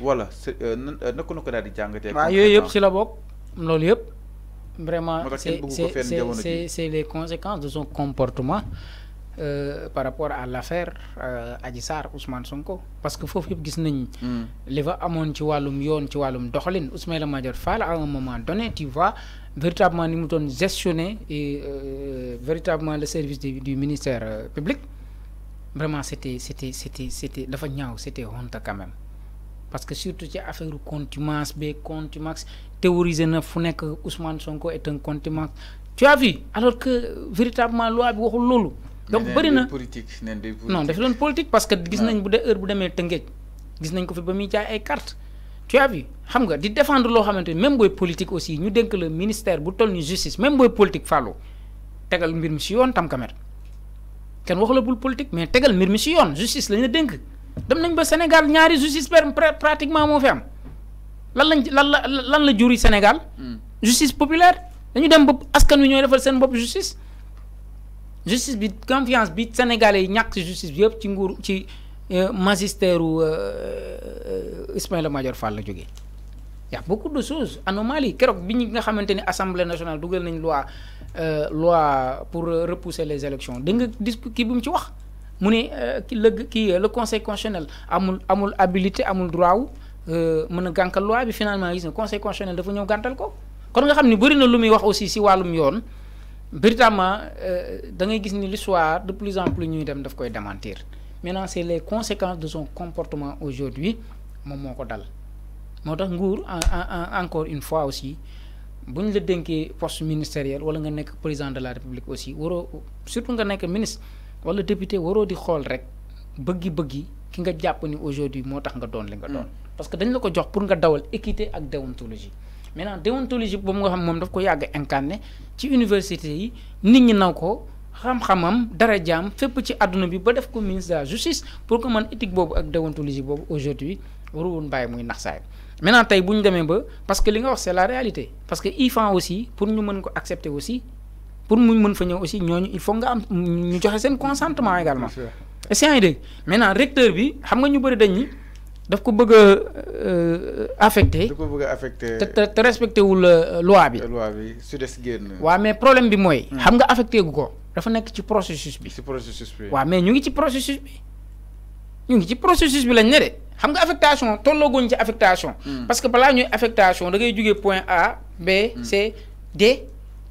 voilà c'est euh, na euh, ko daal di jàngatee. waaw yooyu yëpp si la vraiment c'est c'est les conséquences de son comportement euh, par rapport à l'affaire euh, Adji Sarr Ousmane Sonko parce que foofu yëpp gis nañ hmm. li fa amoon ci wàllum yoon ci wàllum doxalin Ismaïla Madior Fall à un moment donné tu vois véritablement ni mu doon gestionner et euh, véritablement le service du, du ministère euh, public vraiment c'était c'était c'était c'était dafa ñaaw c'était honte quand même parce que surtout ci affaire contumace ba contumace théorisé na fu nek Ousmane Sonko est un contumace tu as vu alors que véritablement loi bi waxul lolu donc bari na politique non dafa politique parce que gis nañ bu de heure bu demé Tëngéej gis nañ ko fi ba muy jaay ay carte tu as vu xam nga di défendre lo xamanteni même boy politique aussi ñu dénk le ministère bu toll ni justice même boy politique fàllu tégal mbir mi si yoon tam kamer ken waxu la bul politique mais tégal mbir mi si yoon justice lañ la dem nañ ba Sénégal ñaari justice pratiquement moo fi am lan lañ lan la lan la juri Sénégal. Hmm. justice populaire dañu dem ba askan wi ñooy defal seen bopp justice. justice bi confiance bi Sénégalais yi ñàkk ci justice bi yëpp ci nguur ci euh, magistère u euh, euh, Ismaïla Madior Fall la jógee y a beaucoup de choses anomalies keroog bi ñi nga xamante ni assemblée nationale dugal nañ loi loi pour repousser les élections da nga dis kii bi mu ci wax mu ne euh, euh, le conseil constitutionnel amul amul habilité amul droit wu euh, mën gankal loi bi finalement gis conseil constitutionnel dafa ñëw gantal ko kon nga xamni ni na lu muy wax aussi si wàllum yoon véritablement da ngay gis ni l'histoire de plus en plus ñuy dem daf koy démentir maintenant c'est les conséquences de son comportement aujourd'hui mom moko dal motax nguur encore une fois aussi buñ ñu la dénkee poste ministériel wala nga nek président de la république aussi waroo surtout nga nek ministre wala député waroo di xool rek bëggi-bëggi ki nga jàpp ni aujourd'hui moo tax nga doon li nga mm. doon parce que dañ la ko jox pour nga dawal équité ak déontologie maintenant déontologie boobu nga xam moom daf ko yàgg incarné ci université yi nit ñi naw ko xam-xamam dara jaam fépp ci àdduna bi ba def ko ministre de la justice pour que man éthique boobu ak déontologie boobu aujourd'hui waru woon bàyyi muy naxsaay maintenant tey bu ñu demee ba parce que li nga wax c'est la réalité parce que IFAN aussi pour ñu mën ko accepter aussi pour mu mën fa ñëw aussi ñooñu il faut nga am ñu joxe seen consentement également. est-ce que yaa ngi recteur bi xam nga ñu bëri dañ ni daf ko bëgg euh, affecte ko bëgg a affecté. te te wul euh, loi bi. loi bi su des génn. waaw mais problème bi mooy. Hmm. xam nga affecté gu ko dafa nekk ci processus bi. ci processus bi waaw mais ñu ngi ci processus bi ñu ngi ci processus bi lañ ne de xam nga affectation tollooguñ ci affectation. Hmm. parce que balaa ñuy affectation da jugee point A B hmm. C D.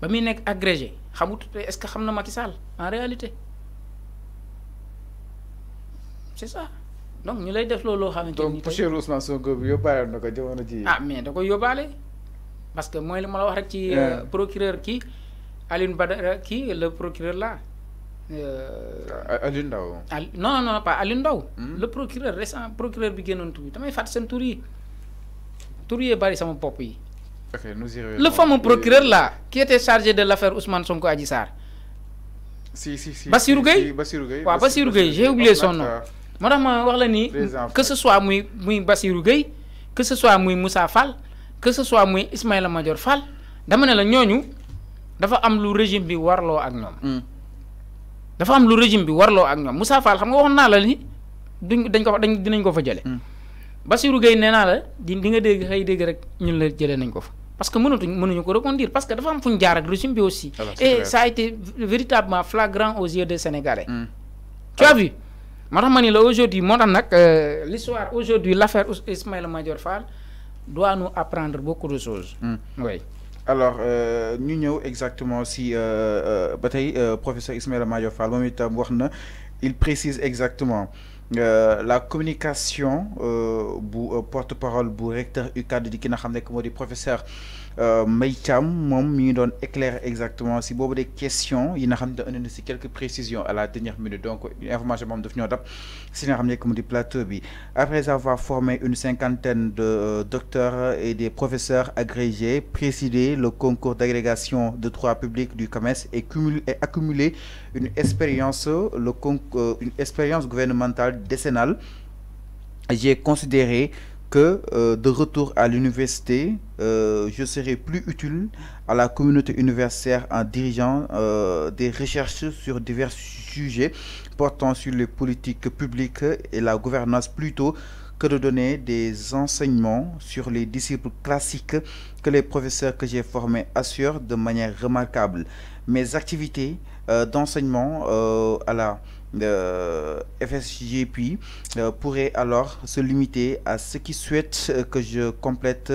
ba muy nekk agrégé xamut est-ce que xam na Macky Sall en réalité c'est ça donc ñu lay def loolu loo xamante ni. donc poussière Ousmane Sonko bi yóbbaale na ko jamono ji. ah mais da koy yóbbaale parce que mooy li ma la wax ci. Euh, procureur kii Alioune Badara kii le procureur la euh, Alioune Ndao. al non non pas Alioune Ndao. Hmm? le procureur récent procureur bi génnoon tur bi damay fàtte seen tur yi tur bari sama bopp yi. Okay, nous le fameux procureur là, qui était chargé de l'affaire Ousmane Sonko Adjissar. Si, si, si. Bassirou Gueye Bassirou Gueye. Ouais, Bassirou Gueye, j'ai oublié son nom. Ah. Madame, Warlani, que ce soit Moui, Moui Bassirou Gueye, que ce soit Moui Moussa Fall, que ce soit Moui Ismaël Major Fall, dama ne la ñooñu dafa am lu régime bi warloo ak ñoom. Hmm. dafa am lu régime bi warloo ak ñoom Moussa Fall xam nga waxoon naa la ni duñ dañ ko dañ dinañ ko fa jëlee. Hmm. Bassirou Gueye nee naa la di nga parce que mënatuñ mënuñu ko parce que dafa am aussi. Ah, et ça a été véritablement flagrant aux yeux des Sénégalais. Hmm. tu as vu aujourd'hui l'histoire l'affaire Ismaël Madior Fall doit nous apprendre beaucoup de choses. Hmm. alors euh, ñu ñëw exactement si euh, euh, ba professeur Ismaël Madior Fall il précise exactement. Euh, la communication euh, euh porte-parole directeur, recteur UCAD de à modi xam professeur euh, mais Thiam donne éclair exactement si avez des questions il n'a xam quelques précisions à la dernière minute donc information daf comme après avoir formé une cinquantaine de euh, docteurs et des professeurs agrégés présidé le concours d'agrégation de droit publics du commerce et cumulé et accumulé une expérience le euh, une expérience gouvernementale décennale j'ai considéré que euh, de retour à l'université, euh, je serai plus utile à la communauté universitaire en dirigeant euh, des recherches sur divers sujets portant sur les politiques publiques et la gouvernance plutôt que de donner des enseignements sur les disciples classiques que les professeurs que j'ai formés assurent de manière remarquable. Mes activités d'enseignement à la euh, FSGP euh, pourrait alors se limiter à ce qui souhaitent euh, que je complète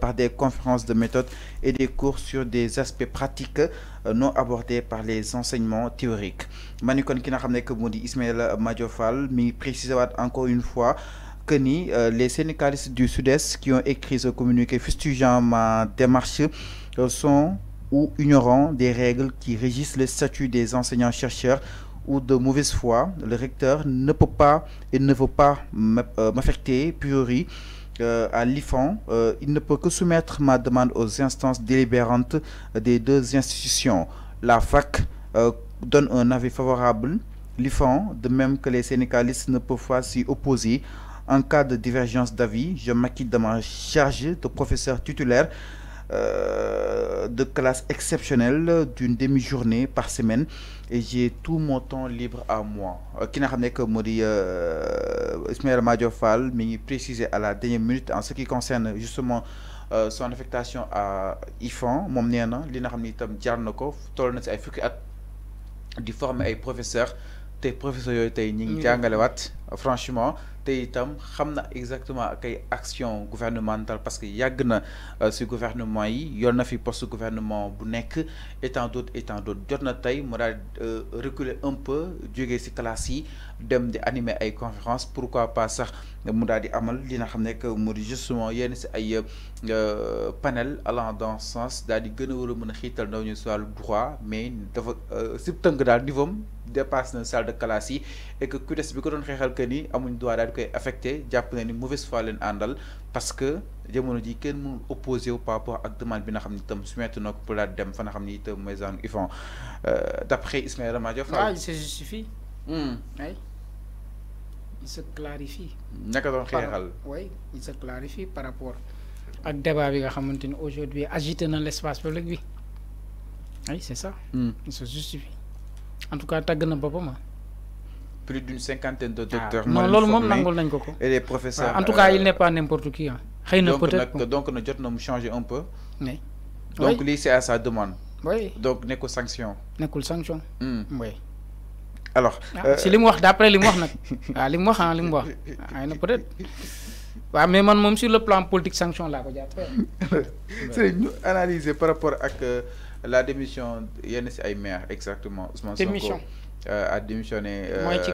par des conférences de méthode et des cours sur des aspects pratiques non abordés par les enseignements théoriques Manu qui kon Ismail Majofal xam encore une fois que ni les syndicalistes du Sud-Est qui ont écrit ce communiqué fustigeant ma démarche sont ou ignorant des règles qui régissent le statut des enseignants-chercheurs ou de mauvaise foi, le recteur ne peut pas et ne veut pas euh, m'affecter, priori, euh, à l'IFON, euh, il ne peut que soumettre ma demande aux instances délibérantes des deux institutions. La fac donne un avis favorable. L'IFON, de même que les syndicalistes, ne peuvent pas s'y opposer. En cas de divergence d'avis, je m'acquitte de ma charge de professeur titulaire euh, de classe exceptionnelle d'une demi-journée par semaine et j'ai tout mon temps libre à moi. qui n'a xam que moo di euh, Ismaïla mais Fall mi à la dernière minute en ce qui concerne justement euh, son affectation à IFAN mon nee na li nga xam ne itam jaar na ko ay professeur professeurs tes professeurs franchement te itam xamna exactement ak action gouvernementale parce que yàgg na euh, si gouvernement yi yor na fi poste gouvernement bu nek et d'autres et en d'autres jot na tey euh, reculer un peu du ci classe yi dem di animer ay conférence pourquoi pas sax mu daal di amal li nga que mo justement yenn ci ay euh, panel allant dans ce sens daal di gën a war ndaw ñu droit mais dafa si tënk dal niveau dépasse na salle de classe yi et que CUDES bi ko doon xéxal que ni amuñ droit daal di koy affecté jàpp ni mauvaise foi leen andal parce que jamono ji kenn mënul opposé wu par rapport ak demande bi nga xam ne soumettre na pour la dem fa nga xam ni itam mooy zone euh, d'après Ismaël Madior ah, Fall. waaw il se justifie. Hmm. oui il se clarifie. naka don xéxal oui il se clarifie par rapport ak débat bi nga xamante aujourd'hui agité na l'espace public bi oui c'est ça. Hmm. il se justifie en tout cas tàgg na boppam ah plus d'une cinquantaine de ah. docteurs. non et les professeurs en tout cas euh, il n'est pas n'importe qui hein donc nous donc nous changer un peu. donc lui c'est à sa demande. donc il sanction. a sanction. Hmm. oui. alors. Ah, euh, si n'y a wax d'après sanctions mu wax nag waaw ah, li wax ah wax xëy peut-être. mais man sur le plan politique sanction sanctions c'est jàppee. analyser par rapport à euh, la démission de Yannis ay exactement Ousmane Sonko démission a démissionné.